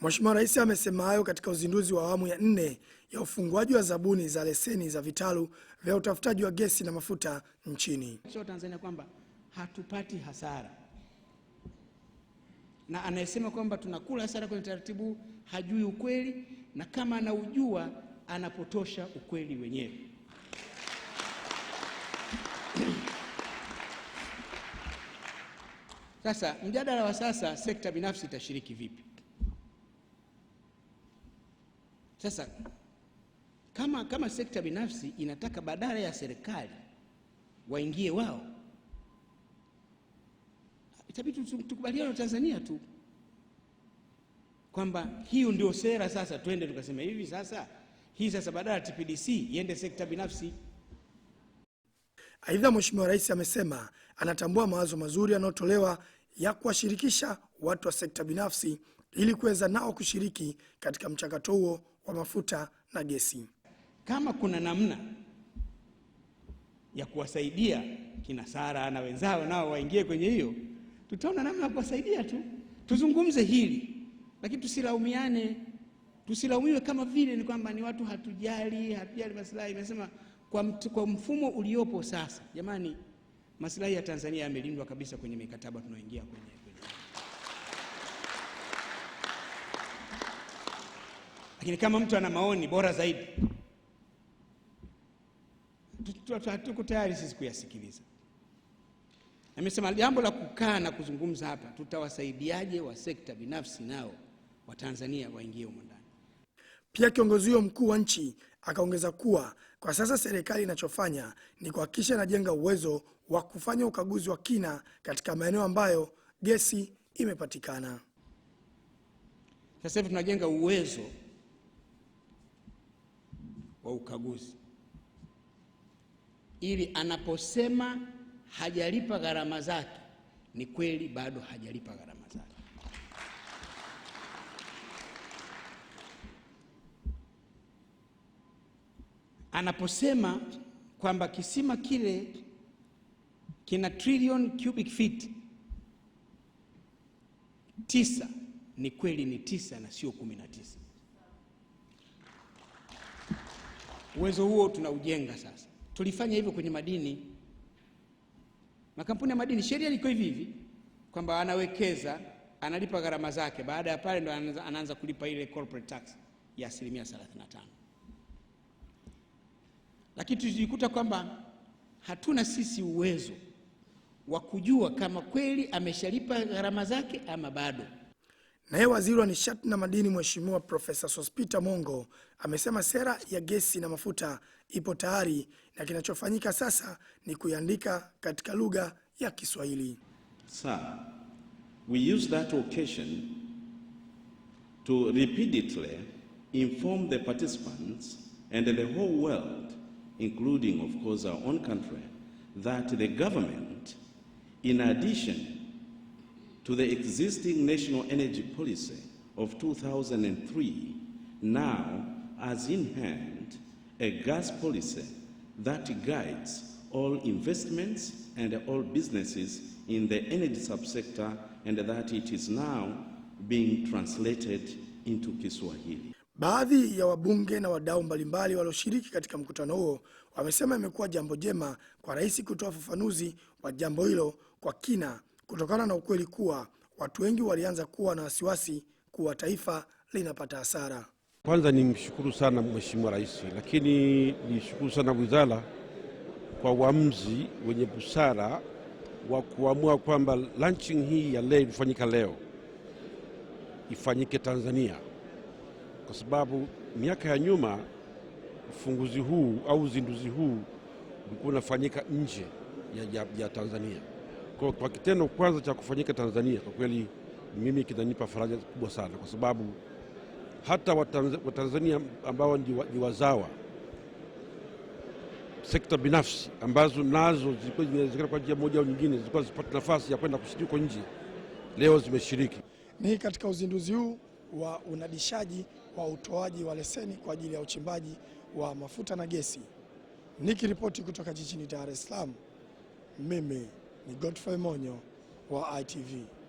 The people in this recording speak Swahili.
Mheshimiwa Rais amesema hayo katika uzinduzi wa awamu ya nne ya ufunguaji wa zabuni za leseni za vitalu vya utafutaji wa gesi na mafuta nchini. Sio Tanzania kwamba hatupati hasara, na anayesema kwamba tunakula hasara kwenye taratibu hajui ukweli, na kama anaujua anapotosha ukweli wenyewe. Sasa mjadala wa sasa, sekta binafsi itashiriki vipi? Sasa kama, kama sekta binafsi inataka badala ya serikali waingie wao, itabidi tukubaliane Tanzania tu kwamba hiyo ndio sera. Sasa twende tukasema hivi sasa, hii sasa badala ya TPDC iende sekta binafsi. Aidha, Mheshimiwa Rais amesema anatambua mawazo mazuri yanayotolewa ya kuwashirikisha watu wa sekta binafsi ili kuweza nao kushiriki katika mchakato huo wa mafuta na gesi. Kama kuna namna ya kuwasaidia kina Sara na wenzao nao waingie kwenye hiyo, tutaona namna ya kuwasaidia tu. Tuzungumze hili lakini tusilaumiane, tusilaumiwe kama vile ni kwamba ni watu hatujali, hatujali maslahi. Nasema kwa, kwa mfumo uliopo sasa, jamani, maslahi ya Tanzania yamelindwa kabisa kwenye mikataba tunaoingia kwenye Lakini kama mtu ana maoni bora zaidi, hatuko tayari sisi kuyasikiliza. Amesema jambo la kukaa na kuzungumza hapa, tutawasaidiaje wa sekta binafsi nao Watanzania waingie humo ndani. Pia kiongozi huyo mkuu wa nchi akaongeza kuwa kwa sasa serikali inachofanya ni kuhakikisha inajenga uwezo wa kufanya ukaguzi wa kina katika maeneo ambayo gesi imepatikana. Sasa hivi tunajenga uwezo wa ukaguzi ili anaposema hajalipa gharama zake ni kweli bado hajalipa gharama zake. Anaposema kwamba kisima kile kina trillion cubic feet tisa, ni kweli ni tisa na sio kumi na tisa. Uwezo huo tunaujenga sasa. Tulifanya hivyo kwenye madini, makampuni ya madini sheria iko hivi hivi kwamba anawekeza analipa gharama zake, baada ya pale ndo anaanza, kulipa ile corporate tax ya asilimia 35, lakini tulijikuta kwamba hatuna sisi uwezo wa kujua kama kweli ameshalipa gharama zake ama bado. Naye waziri wa nishati na madini Mheshimiwa Profesa Sospita Mongo amesema sera ya gesi na mafuta ipo tayari na kinachofanyika sasa ni kuiandika katika lugha ya Kiswahili. Sir, we use that occasion to repeatedly inform the participants and the whole world including of course our own country that the government in addition to the existing national energy policy of 2003 now has in hand a gas policy that guides all investments and all businesses in the energy subsector and that it is now being translated into Kiswahili. Baadhi ya wabunge na wadau mbalimbali walioshiriki katika mkutano huo wamesema imekuwa jambo jema kwa rais kutoa ufafanuzi wa jambo hilo kwa kina kutokana na ukweli kuwa watu wengi walianza kuwa na wasiwasi kuwa taifa linapata hasara. Kwanza nimshukuru sana Mheshimiwa Rais, lakini nishukuru sana wizara kwa uamuzi wenye busara wa kuamua kwamba launching hii ya leo ilifanyika leo ifanyike Tanzania, kwa sababu miaka ya nyuma ufunguzi huu au uzinduzi huu ulikuwa unafanyika nje ya, ya, ya Tanzania. Kwa, kwa kitendo kwanza cha kufanyika Tanzania, kwa kweli mimi kinanipa faraja kubwa sana, kwa sababu hata Watanzania ambao ni wazawa sekta binafsi ambazo nazo zilikuwa zinawezekana kwa njia moja au nyingine zilikuwa zipate nafasi ya kwenda kushiriki huko nje, leo zimeshiriki. Ni katika uzinduzi huu wa unadishaji wa utoaji wa leseni kwa ajili ya uchimbaji wa mafuta na gesi. Nikiripoti kutoka jijini Dar es Salaam, mimi ni Godfrey Monyo wa ITV.